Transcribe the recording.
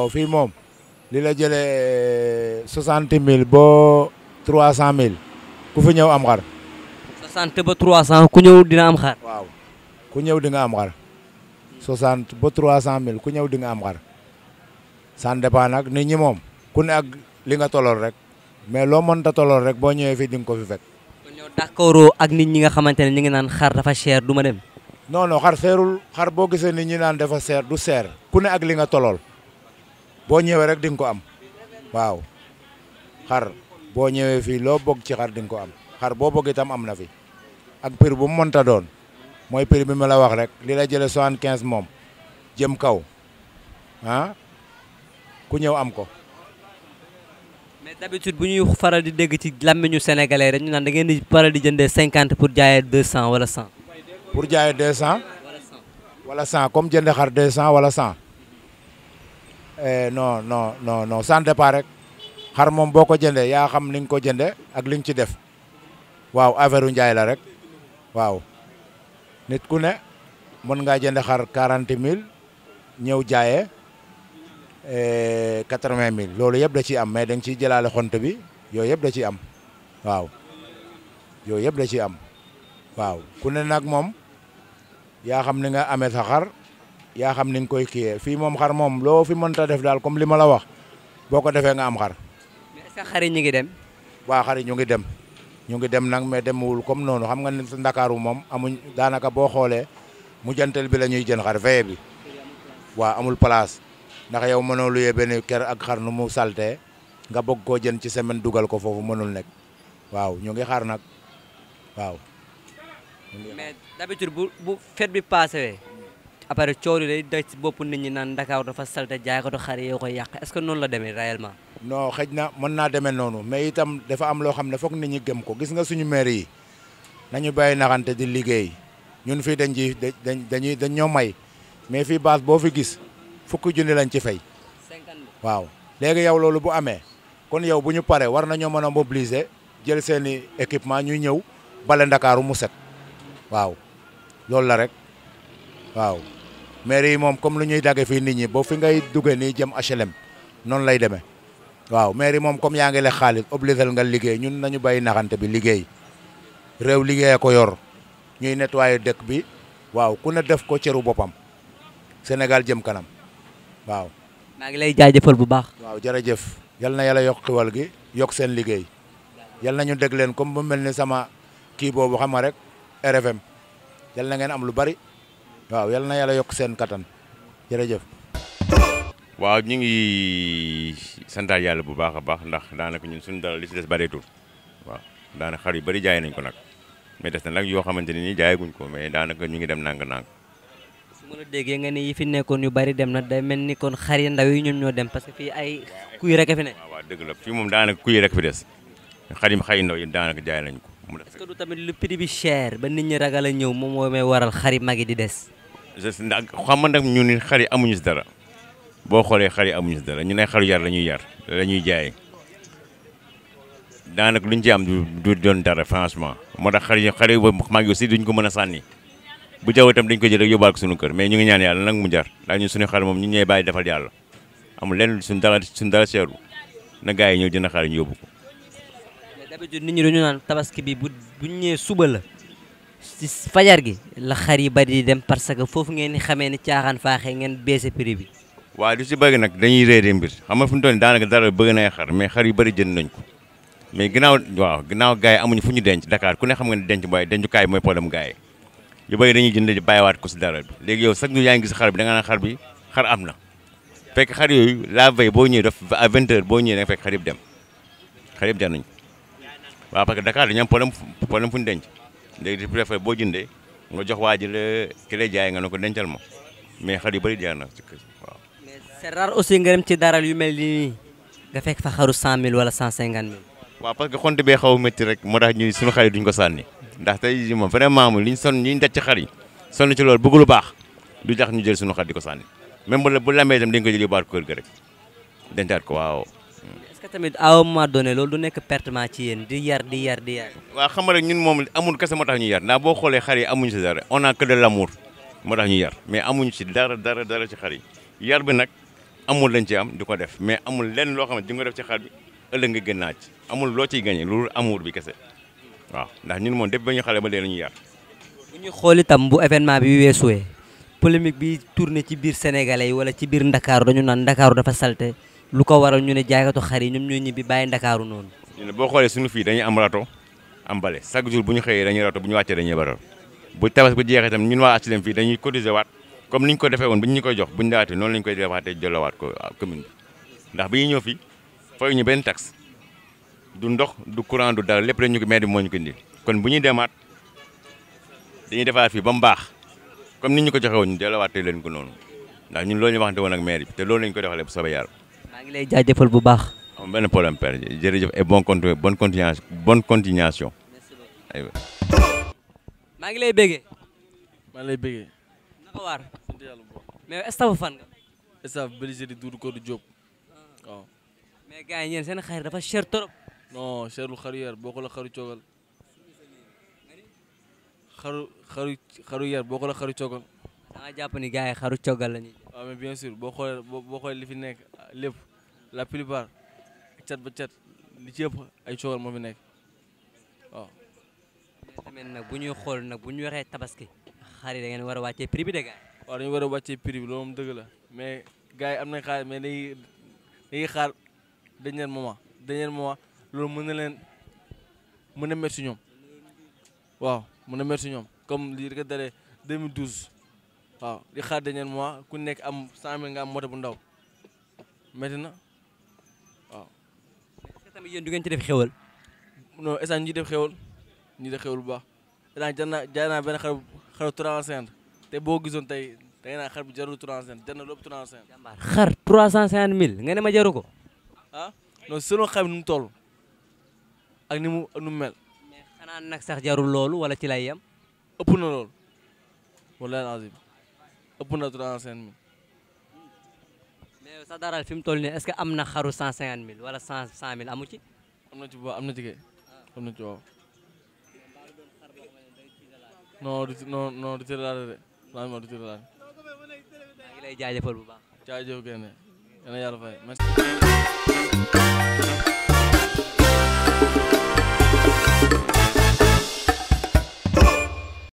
waaw fii moom li la jëlee euh, soixante mille ba trois cent mille ku fu ñëw am xar. soixante ba trois cent ku ñëw dina am xar. waaw ñëw di nga am xar ba trois cent mille ku ñëw di nga am xar sant depan nag nit ñi moom ku ne ak li nga tolool rek mais loo mënta tolool rek boo ñëwee fii di ko fi fekk. kon ak nit ñi nga xamante ne ñu ngi naan xar dafa cher du ma dem. non non xar seerul xar boo gisee ni ñi naan dafa seer du seer ku ne ak li nga tolool. boo ñëwee rek di nga ko am waaw xar boo ñëwee fii loo bëgg ci xar di ko am xar boo bëgg itam am na fi ak prix bu mu mënta doon mooy prix bi ma la wax rek li la jëlee soixante-quinze moom jëm kaw ah ku ñëw am ko. mais d'habitude bu ñuy faral di dégg ci làmmiñu sénégalais rek ñu naan da ngeen di faral di jëndee cinquante pour jaayee deux cent wala cent. pour jaaye deux cent. wala cent comme jënd xar deux cent wala cent. non eh, non non non sans départ rek xar moom boo ko jëndee yaa xam ni ko jëndee ak li ci def waaw affaire u njaay la rek waaw nit ku ne mën ngaa jënd xar quarante mille ñëw jaayee eh, quatre vingt mille loolu yëpp da ciy am mais da nga ciy jëlaale bi yooyu yëpp da ciy am waaw yooyu yëpp da ci am waaw ku ne nag moom xam ni nga amee sa xar yaa xam ni nga koy kiiyee fii moom xar moom loo fi mënta def daal comme li ma la wax boo ko defee nga am xar. mais est-ce que xar yi ñu ngi dem. waaw xar yi ngi dem ñu ngi dem nag mais demwul comme noonu xam nga ne sa Ndakaaru moom amuñ daanaka boo xoolee mujjantal bi la ñuy jën xar veillé bi waaw amul place ndax yow mënoo luyee benn ker ak xar nu mu saltee nga bog koo jën ci semaine dugal ko foofu mënul nekk waaw ñu ngi xaar nag waaw. bi passé. après coow li day daj bopp nit ñi naan Dakar dafa salte jaaykatu xar yi yoo koy yàq est ce que noonu la demee réellement. non na mën naa demee noonu mais itam dafa am loo xam ne foog nit ñi gëm ko gis nga suñu maire yi nañu bàyyi naxante di liggéey ñun fii dañ ciy dañuy dañ ñoo may mais fii base boo fi gis fukk junni lañ ci fay. waaw léegi yow loolu bu amee kon yow bu ñu paree war nañoo mën a mobiliser jël seen i équipement ñuy ñëw bale ndakaaru mu set waaw loolu la rek waaw. mairie yi moom comme lu ñuy dagge fi nit ñi boo fi ngay duggee nii jëm HLM noonu lay demee waaw mairie moom comme yaa ngi le xaalis obligé nga liggéey ñun nañu bay naxante bi liggéey réew liggéey ko yor ñuy waaye dëkk bi waaw ku ne def ko cëru boppam Sénégal jëm kanam waaw. maa ngi lay jaajëfal bu baax. waaw jërëjëf yal na yàlla yokk xiwal gi yokk seen liggéey yal na ñu dégg leen comme bu mel ni sama kii boobu xam nga rek RFM yal na ngeen am lu bari. waaw yal na yokk seen kattan jërëjëf. waaw ñu ngi santaal yàlla bu baax a baax ndax daanaka ñun suñu dara li si des bareetul waaw daanaka xar yu bari jaay nañ ko nag mais des na nag yoo xamante ni nii jaayaguñ ko mais daanaka ñu ngi dem nang-nang. su ma la déggee nga ni yi fi nekkoon yu bari dem na day mel ni kon xar yi ndaw yi ñoom ñoo dem parce que fii ay kuy rek fi ne. waaw dëgg la fii moom daanaka kuy rek fi des xar yi xar yi ndaw yi daanaka jaay nañ ko. est du tamit lu prix bi cher ba nit ñi ragal a ñëw moom moo may waral xar yi mag yi di des. ndax xam nag ñu ni xar yi amuñu si dara boo xoolee xar yi amuñu si dara ñu ne xaru yar la ñuy yar la ñuy jaay daanaka luñ ci am du du doon dara franchement moo tax xar yi xar yi mag yi aussi duñ ko mën a sànni bu jaww itam dañ ko jël rek yóbbaal ko suñu kër mais ñu ngi ñaan yàlla nag mu jar ndax ñun suñu xar moom ñu ñee bàyyi defal yàlla amul lenn suñu dara suñu dara seeru na gars yi ñëw dina xar ñu yóbbu ko. mais bu bu suba la si fajar gi la xar yi bari di dem parce que foofu ngeen di xamee ni caaxaan faaxee ngeen baissé prix bi. waa du si bëgg nag dañuy réeré mbir xam nga fi mu toll nii daanaka dara bëgg na ay xar mais xar yu bari jënd nañ ko mais ginnaaw waaw ginnaaw gars yi amuñu fu ñu denc dakaar ku ne xam nga ne denc mooy dencukaay bi mooy problème gars yi yu bëri dañuy jënd di waat ko si dara bi léegi yow sax ñu yaa ngi gis xar bi da nga naan xar bi xar am na fekk xar yooyu laa veille boo ñuy daf à 20h boo ñëwee da nga fekk xar yëpp dem xar yëpp dem nañ waaw parce que Dakar dañu am problème problème fu ñu denc léegi bu defee boo jëndee nga jox waa ji la lay jaay nga ne ko dencal ma mais xar yu bëri jaar na ci kër waaw. mais aussi nga dem ci daral yu mel nii nga fekk fa xaru 100000 wala 150000. waa parce que xonte bee xaw a métti rek moo tax ñuy suñu xar yi duñ ko sànni ndax tey jii moom vraiment moom liñ son liñ daj ci xar yi sonn ci loolu bëgg lu baax du tax ñu jël suñu xar di ko sànni même bu la bu lambee itam dañ ko jël yóbbaat ko kër ga rek dencaat ko waaw. est-ce que tamit à un moment loolu du nekk pertement ci yéen di yar di yar di yar. waaw xam nga rek ñun moom amul kese moo tax ñu yar ndax boo xoolee xar yi amuñu si dara a que ñu yar mais amuñu si dara dara dara ci xar yi yar bi nag amul lañ ci am di ko def mais amul lenn loo xam di nga def ci xar bi ëllëg gën naa amul loo ciy gagné loolu amour bi kese waaw ndax ñun moom def ba ñu xalee ba léegi la ñuy yar. bu ñu xool itam bu événement bi weesuwee polémique bi tourné ci biir sénégalais yi wala ci biir ndakaaru dañu naan ndakaaru dafa salté lu ko waral ñu ne jaaykatu xar yi ñoom ñooy ñibbi bàyyi ndakaaru noonu. ñu boo xoolee suñu fii dañuy am rato am bale chaque jour bu ñu xëyee dañuy rato bu ñu wàccee dañuy baral bu tabas bu jeexee ñun waa HLM fii dañuy cotiser waat comme ni ko defee woon bu ñu ñu koy jox bu ñu dawaatee noonu la ñu ko ah, commune ndax bi ñuy ñëw fii fayu ñu benn taxe du ndox du courant du dara lépp dañ ñu ko maire moo ñu ko indi kon bu ñu demaat dañu defaat fii ba mu baax comme ni ñu ko joxe woon ñu jëlawaatee leen ko noonu ndax ñun loolu ñu waxante woon ak maire bi te loolu lañ ko defalee bu soobee yàlla maa ngi lay jaajëfal bu baax. am benn problème père jërëjëf et bon continu bonne continuation bonne continuation. aywa. maa ngi lay béggee. maa ngi lay béggee. naka waar. sant yàlla bu baax. mais staff fan nga. staff Bergerie Doudou Codou Diop ah. waaw. mais gars yi ñeen seen xar dafa cher trop. non cherul xaru yar boo ko la xaru coogal. xaru xaru xaru yar boo ko la xaru coogal. da nga jàpp ni gars yi xaru coogal la ñuy. waaw ah, mais bien sûr boo xoolee boo xoolee li fi nekk ah, lépp. la plupart cat ba cat li ci ëpp ay coowal moom fi nekk waaw. mais nag bu ñuy xool nag bu ñu waxee tabaski. xar yi da ngeen war a wàccee prix bi de gars yi. dañu war a wàccee prix bi loolu moom dëgg la mais gars yi am nañ xaar mais dañuy dañuy xaar dernier moment dernier moment loolu mën na leen mën na métti si ñoom waaw mën na métti si ñoom comme li nga dalee 2012 waaw di xaar dernier moment ku nekk am 100000 nga am moto bu ndaw métti na. tamit yéen du ngeen ci def xéwal. non instant ñi def xéwal ñi def xéwal bu baax instant jar naa jaay naa benn xar xar 350 te boo gisoon tey da ngay naan xar bi jarul 350 jar na lépp 350. xar 350 mille nga ne ma jaru ko. ah non selon xar bi nu mu toll ak ni mu nu mu mel. mais xanaa nag sax jarul loolu wala ci lay yem. ëpp na loolu wallaahi azim ëpp na 350 mille. mais sa daral fi mu toll nii est am na xaru cent cinquante mille wala cent cent mille amu ci. am na ci bu am na ci kay ah. am na ci waaw. non du non non du tëralaate de laajuma du tëralaate. maa ngi lay jaajëfal bu baax. jaajëf kenn